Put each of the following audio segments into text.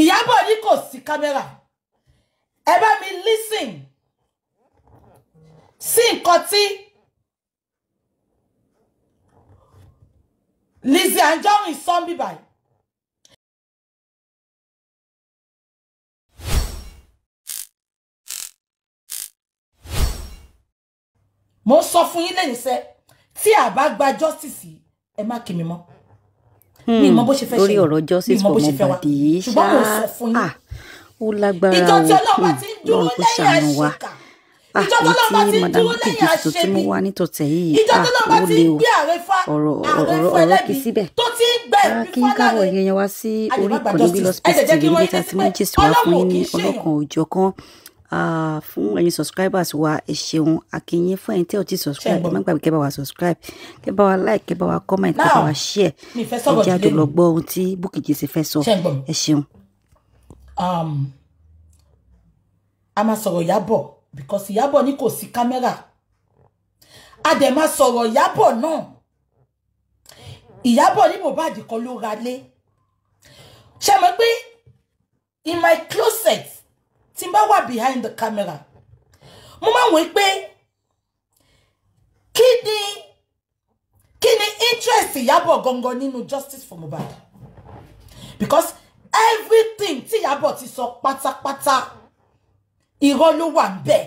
Ìyábọ̀ yìí kò sí kámẹ́rà ẹ bá mi listen sí nǹkan tí Lizzie Anjorin sọ́ńbì báyìí. mo sọ fún yín lẹ́yìn sẹ́ tí a gba justice ẹ má kí mi mọ́. Hmm. mi mọ bó ṣe fẹ́ ṣe lórí ọ̀rọ̀ justice for Mohbad ṣá ah, ó lágbára o lọ́run kò ṣàánú wa àti ah, madam kejì tuntun mú wa nítòtẹ̀ yìí ah, ó lé o ọ̀rọ̀ ọ̀rọ̀ ọ̀rọ̀ kì í síbẹ̀ kí n káwọ̀ ẹ̀yẹ̀yẹ̀ wá sí orí ìkànnì bí lọ́sibítù tv níbi tá a ti mú gist wá fún yín ní ọlọ́kan òjọ̀kan uh, fún ẹ̀yin subscribers wa ẹ ṣeun akínyìn fún ẹ̀yin tí ò ti subscribe ẹ má gbàgbé kẹ́ wa subscribe kẹ́ wa like kẹ́ wa comment kẹ́ wa share ẹ jẹ́ àjò lọ gbọ́ ohun tí Bukky Jesse fẹ́ sọ ẹ ṣeun. Um, a máa sọ̀rọ̀ Ìyábọ̀ because Ìyábọ̀ ni kò sí kámẹ́rà a dẹ̀ máa sọ̀rọ̀ Ìyábọ̀ náà Ìyábọ̀ ní Mohbad kan ló ra lé ṣe mọ̀ pé in my closet tí wà behind the camera mo máa wò pé kí ni kí ni interest Ìyábọ̀ gangan nínú justice for Mohbad because everything tí Ìyábọ̀ ti sọ pátápátá irọ́ ló wà ń dé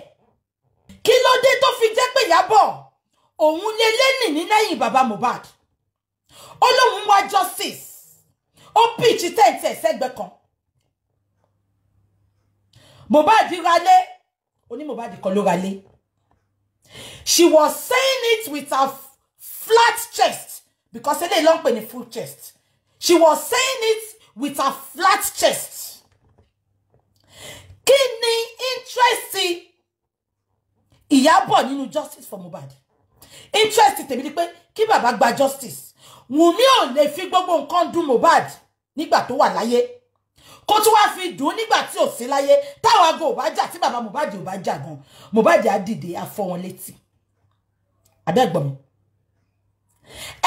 tó fi jẹ́ pé O òun lé lẹ́nì ní lẹ́yìn bàbá Mohbad ó lóun wá justice ó pitch tẹ́ǹtẹ́ sẹ́gbẹ́ kan Mohbad oní Mohbad kọ́ she was saying it with a flat chest because eléyìí ló ń pè ní full chest she was saying it with a flat chest kí ni interest Ìyábọ̀ nínú justice for Mohbad interest tèmi ni pé kí bàbá gba justice Wùmí ò lè fi gbogbo nǹkan dùn Mohbad nígbà tó wà láyé kó tún wáá fi dùn nígbà tí ò sí láyé táwọn aago ò bá jà tí bàbá Mohbad ò bá jà gan Mohbad á dìde á wọn létí abẹ́gbọ̀n mi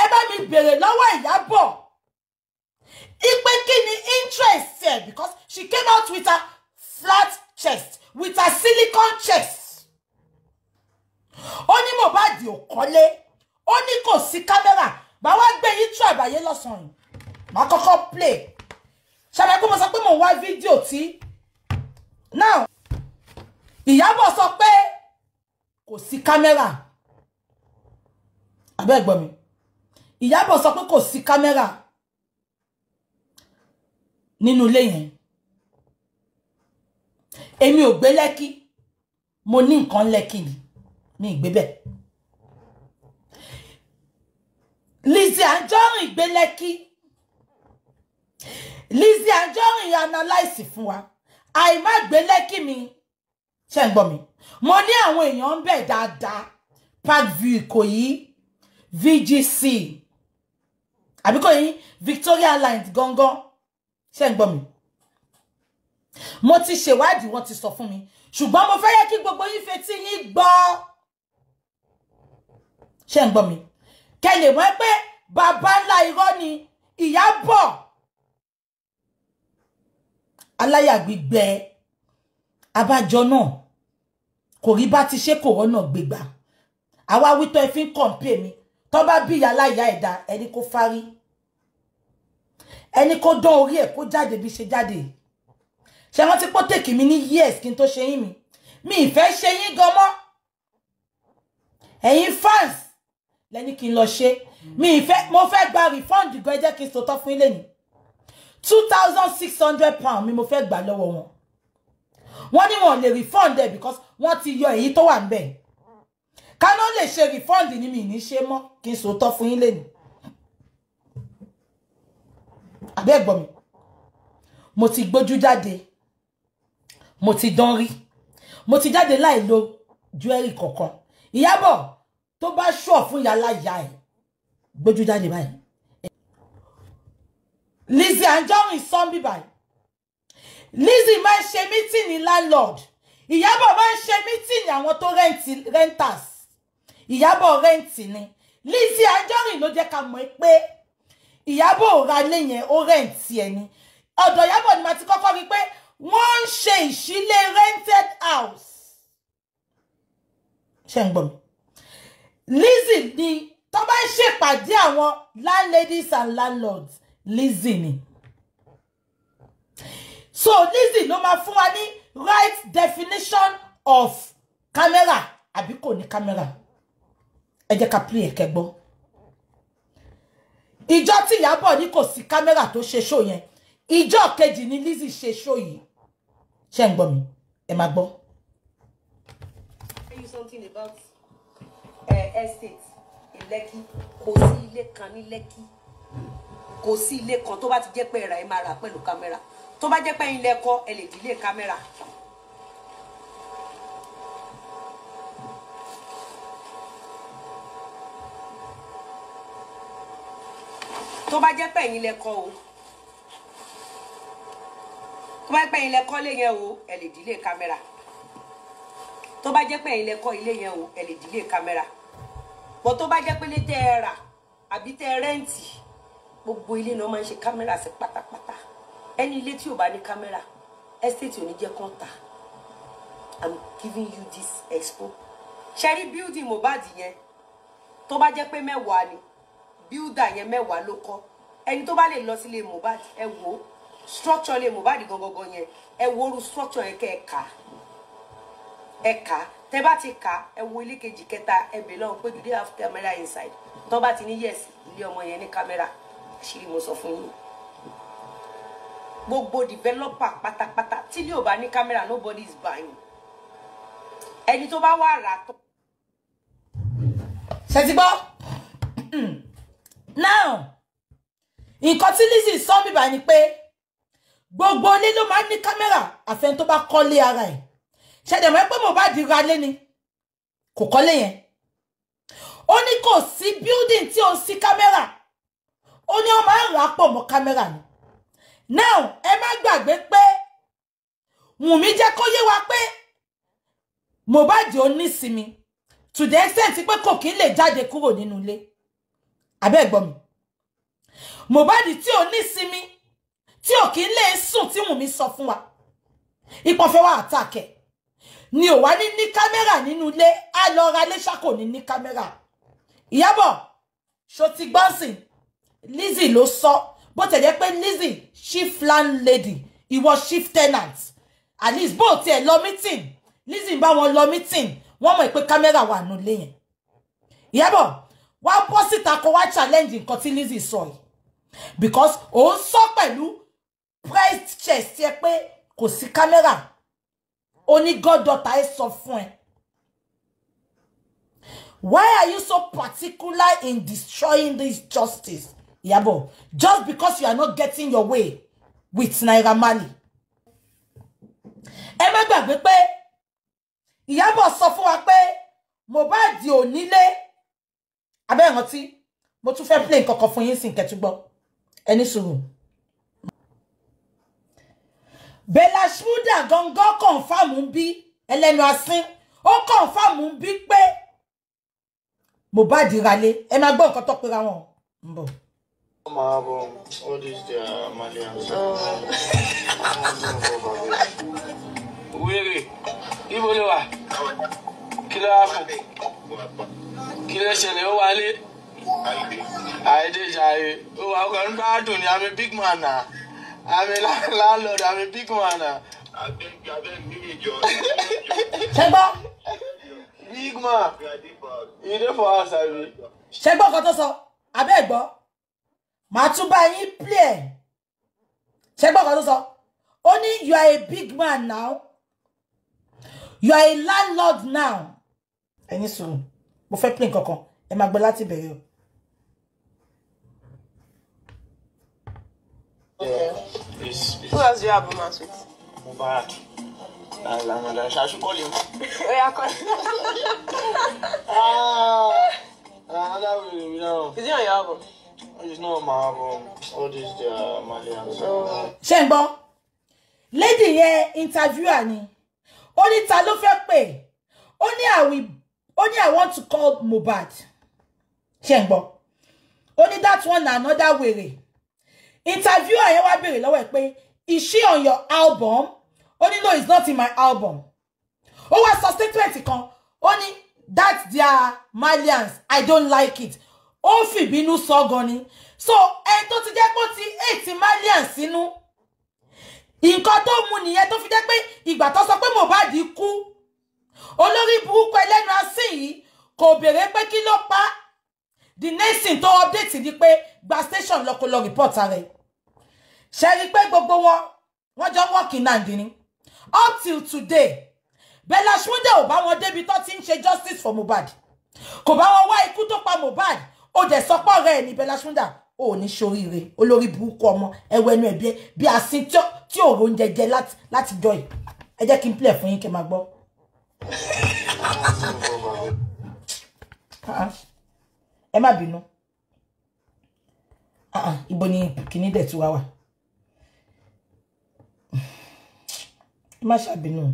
ẹ bá mi bèrè lọ́wọ́ Ìyábọ̀ ipe kí ni interest ẹ because she came out with her flat chest with her silicone chest ó ní Mohbad ò kọ́lé ó ní kò sí kámẹ́rà bá wá gbé yín tú àbáyé lọ́sàn-án màá kọ́kọ́ play ṣàlàyé pé mo sọ pé mo wá fídíò tí now Ìyábọ̀ sọ pé kò sí kámẹ́rà abẹ́ ẹ̀gbọ́n mi Ìyábọ̀ sọ pé kò sí kámẹ́rà nínú ilé yẹn èmi ò gbé lẹ́kí mo ní nǹkan lẹ́kí ni mi ìgbé bẹ́ẹ̀ Lizzy Anjorin gbé lẹ́kí Lizzie Anjorin analyze fún wa àìmá gbélẹ́kì mi ṣe ń gbọ́ mi mo ní àwọn èèyàn ń bẹ̀ dáadáa parkview Ìkòyí VGC àbíkò yìí Victoria line gangan ṣe ń gbọ́ mi mo ti ṣèwádìí wọ́n ti sọ fún mi ṣùgbọ́n mo fẹ́ yẹ kí gbogbo yín fetí yín gbọ́ ṣe ń gbọ́ mi kẹ́ lè mọ̀ pé bàbá ńlá irọ́ ni ìyá bọ̀. aláyà gbígbẹ abájọ náà kò rí bá ti ṣe kòrónà gbégbá àwa wítọ́ ẹ fi ń kọ̀ǹpé mi tó bá bí ìyá aláìyá ẹ̀dá ẹni kó fárí ẹni kó dán orí ẹ̀ kó jáde bí ṣe jáde ṣe rántí pọ́ tèkì mi ní years kí mi to ba bi iya eda eni ko fari ṣe ranti po teki mi ni years ki to se yin mi mi ìfẹ́ ṣe yín gan mọ́ ẹ̀yin fans lẹ́ni kí n lọ ṣe mi ìfẹ́ eyin fans leni ki lo se mi ife mo fe gba refund gan jẹ́ sòtọ́ fún ilé two thousand six hundred pound mi mo fẹ́ gbà lọ́wọ́ wọn wọ́n ní wọn lè refund ẹ̀ because wọ́n ti yọ èyí tó wà ń bẹ̀ kaná lè ṣe refund ni mi ní ṣe mọ́ kí n sòótọ́ fún yín lẹ́nu àbẹ́ ẹ̀gbọ́n mi mo ti gbójú jáde mo ti dán rí mo ti jáde láì lo jewelry kankan Ìyábọ̀ tó bá ṣọ̀ fún ìyá láyà ẹ̀ gbójú jáde báyìí Lizzie and John is sọ́nbí báyìí Lizzie máa ń meeting mítìnì landlord Ìyábọ̀ máa ń ṣe mítìnì àwọn tó rẹ́ǹtì renters Ìyábọ̀ rẹ́ǹtì ni Lizzy Anjorin ló jẹ́ ká mọ̀ pé Ìyábọ̀ ò ra ilé yẹn ó rẹ́ǹtì ẹ̀ ni ọ̀dọ̀ Ìyábọ̀ ni màá ti kọ́kọ́ rí pé wọ́n she ṣe ìṣílé rented house ṣe ń gbọ́ mi Lizzy ni tó bá ń landladies and landlords Lizzy ni so Lizzy ló máa fún wa ní right definition of camera àbí kò ní camera ẹ jẹ́ ká play ẹ̀kẹ́ gbọ́ ìjọ tí Ìyábọ̀ ní kò sí kámẹ́rà tó ṣe ṣó yẹn ìjọ kejì ni Lizzy ṣe ṣó yìí ṣé ń gbọ́ mi ẹ máa gbọ́. something about uh, estate in Lekki kò sí ilé kan ní Lekki kò sí ilé kan tó bá ti jẹ́ pé ẹ̀rà ẹ̀ máa rà pẹ̀lú kámẹ́rà tó bá jẹ́ pé ilé ẹ̀kọ́ ẹ lè dílé kámẹ́rà. tó bá jẹ́ pé ẹ̀yin lẹ́kọ́ o tó bá jẹ́ pé ẹ̀yin lẹ́kọ́ lé yẹn o ẹ lè dílé kámẹ́rà tó bá jẹ́ pé ẹ̀yin lẹ́kọ́ ilé yẹn o ẹ lè dílé kámẹ́rà bọ́ tó bá jẹ́ pé lé tẹ́ ẹ rà àbí tẹ́ ẹ rẹ́ǹtì gbogbo ilé ni wọ́n máa ń ṣe kámẹ́rà sí pátápátá ẹni ilé tí ò bá ní kámẹ́rà estate ò ní jẹ́ kán i'm giving you this expo ṣẹ́rí building Mohbad yẹn tó bá jẹ́ pé mẹ́wàá ni builder yẹn mẹ́wàá ló kọ́ ẹni tó bá lè lọ sílé Mohbad ẹ wò ó structure lè Mohbad gangan yẹn ẹ wo orú structure yẹn kẹ́ ẹ kà ẹ kà tẹ bá ti kà ẹ wo ilé kejì kẹta ẹ bèèrè lọ́wọ́ pé do they have camera inside tó bá ti ní yes ilé ọmọ yẹn ní camera ṣírí mo sọ fún yín gbogbo developer pátápátá tí ilé ò bá ní camera, nobody is buying ẹni tó bá wà rà tó. ṣe ti gbọ́ now nǹkan tí Lizzy sọ mi bá ni pé gbogbo ilé ló máa ń ní kámẹ́rà àfẹn tó bá kọ́lé ara ẹ̀ ṣẹ̀dẹ̀ mọ́ pé Mohbad ra lé ni kò kọ́lé yẹn ó ní kò sí building tí ó sí kámẹ́rà ó ní ọmọ ẹ̀rọ apọ̀ mọ́ kámẹ́rà ni now ẹ má gbàgbé pé Wùnmí jẹ́ kó yé wa pé Mohbad ò nísinmi to the extent pé kò kí lè jáde kúrò nínú ilé abẹ́ ẹ̀gbọ́n mi Mohbad tí ò nísinmi tí ò kí lè sùn tí Wùnmí sọ fún wa ìpọ̀fẹ́ wa àtàkẹ́ ni ò wá ní ní kámẹ́rà nínú ilé á lọ ra lẹ́ṣà kò ní ní kámẹ́rà Ìyábọ̀ ṣó ti gbọ́nsìn Lizzie ló sọ bó tẹ̀ jẹ́ pé Lizzie chief landlady was chief tenant at least bó here. lọ meeting Lizzie, bá wọn lọ meeting One more pé camera, wà nílé yẹn Ìyábọ̀ wá bọ́ síta kó wá challenge nǹkan tí Lizzie, sọ because òun sọ pẹ̀lú pressed chest yẹ pé kò sí Only God gọ́dọ̀tà ẹ sọ fún Why are you so particular in destroying this justice? Yabo, just because you are not getting your way with Naira Marley. Ẹ má gbàgbé pé Iyabo sọ fún wa pé Mohbad ò nílé. Abẹ́ ìrántí, mo tún fẹ́ play nǹkan kan fún yín sí ìkẹ́túgbọ́. Ẹ ní sùúrù. Bella Shmurda gangan kọ̀ǹfàmù ń bí ẹlẹ́nu asín. Ó kọ̀ǹfàmù ń bí pé Mohbad ralé. Ẹ máa gbọ́ nǹkan tó pera wọn. Ń bọ̀. My album, all these their uh, Malians. Oh. Wèrè, ibo ló wà? Kí ló wá fún? Kí ló ṣẹlẹ̀ ó wálé? Àìdè jàre, Oh, I'm ọkọ̀ ń gbádùn ni, I'm a big man now. I'm a landlord, I'm a big man now. I think na. Ṣẹ́gbọ́. Big man, you there for us, abi? Ṣẹ́gbọ́ kan tó sọ, abẹ́ ẹ̀ gbọ́ màá tún bá yín play ẹ̀ ṣẹ́gbọ́n kan tó sọ ó ní you are a big man now you are a landlord now ẹ̀yin sùn mo fẹ́ play nǹkan kan ẹ máa gbọ́ láti bẹ̀rẹ̀ o. Yeah. Please, please. Who else do you have romance with? Mubarak. That's another. I should call him. Oh, yeah, call him. ah, another. Ah, Is he on your album? ṣe uh, ń gbọ́ lady yẹn interviewer ni ó ní ta ló fẹ́ pè Only ní àwìn ó I want to call Mohbad ṣe Only that one another way. interviewer yẹn wá béèrè lọ́wọ́ ẹ̀ pé is she on your album Only no it's not in my album ó wá sọ statement kan ó ní their malians I don't like it ó fìbínú sọ gan ni so ẹni tó ti jẹ́ pé ó ti eight million sínú nǹkan tó mú nìyẹn tó fi jẹ́ pé ìgbà tó sọ pé Mohbad kú olórí burúkú ẹlẹ́nu asín yìí kò béèrè pé kí ló pa the next tó update ni pé gba station lọ kó lọ report rẹ̀ ṣe rí i pé gbogbo wọn wọ́n jọ working náà dín ní up till today Bella Shmurda ò bá wọn débi tó ti ń ṣe justice for Mohbad kò bá wọn wá ikú tó pa Mohbad ó jẹ́ sọpọ̀ ọ̀rẹ́ ni ní Bella ni ó ní ṣoríire olórí burúkú ọmọ ẹwọ ẹnu ẹbí ẹ bí asin tí òòrò oúnjẹ jẹ láti jọ yìí ẹ jẹ́ kí n plẹ̀ fún yín kẹ́ máa gbọ́. Ah, ẹ má bínú ah, ah, ibo ni kìíní dẹ̀ tí wá wà ẹ má ṣàbínú ń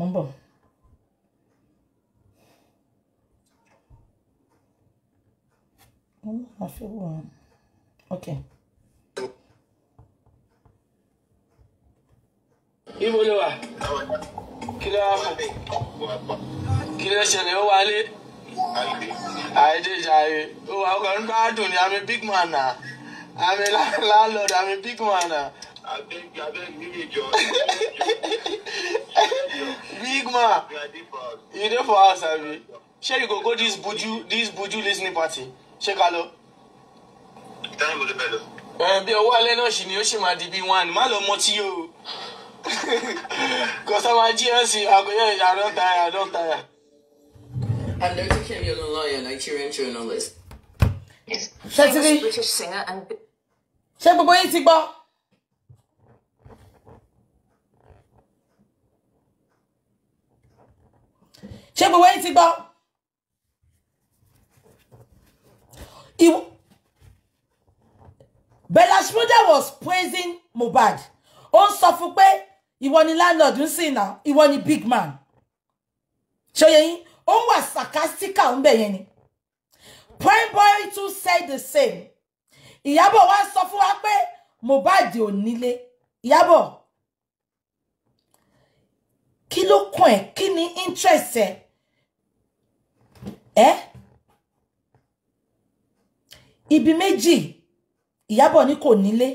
mo ń bọ̀. mo máa fi wò ó ok. ibo ló wà kí ló wà fún kí ló ṣẹlẹ̀ ó wálé àìdèjàre ó wà ó kàn ń gbádùn ni i'm a big man na i'm a landlord i'm a big man na big man you dey for us, abi Sure, you go go this buju this buju listening party ṣé hello. Time will be better. ẹ bí ọwọ́ alẹ́ náà ṣì ni ó ṣì one Malo lọ mọtí o kò sọ ma jí ẹ I don't àdán tire àdán tire. I'm Dr. Kim Young, lawyer, Nigerian journalist. She's a British singer and. Ṣé gbogbo yín ti ṣé gbogbo waiting, ti gbọ́ Bella was praising Mubad. ó ń he won pé ìwọ landlord. You see now, he won ni big man ṣé yẹ ó was sarcastical ń bẹ̀ yẹn Prime Boy too said the same Ìyábọ̀ wá sọ fún wa pé Mohbad ò nílé Ìyábọ̀ kí ló kàn interest ẹ́ ibi méjì Ìyábọ̀ ní kò nílé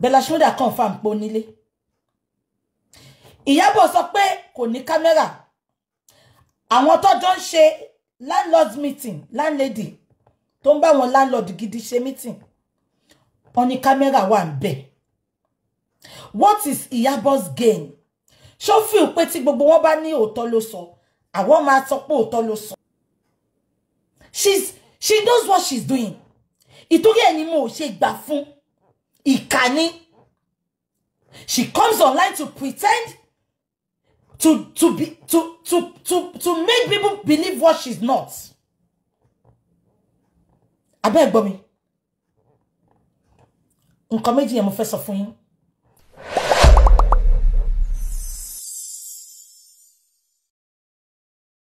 Bella Shmurda confam pé ó nílé Ìyábọ̀ sọ pé kò ní kámẹ́rà àwọn tọ́jọ́ ń ṣe landlord meeting landlady tó ń bá wọn landlord gidi ṣe meeting wọn ní kámẹ́rà wà ń bẹ̀ what is Ìyábọ̀'s gain ṣó fìl pé tí gbogbo wọn bá ní òótọ́ ló sọ. So I want my support òótọ́ she's she knows what she's doing It ẹni mo ò ṣe gbà fún she comes online to pretend to to be to to to to make people believe what she's not I beg, Bobby. Uncomedy nǹkan méjì yẹn mo fẹ́ sọ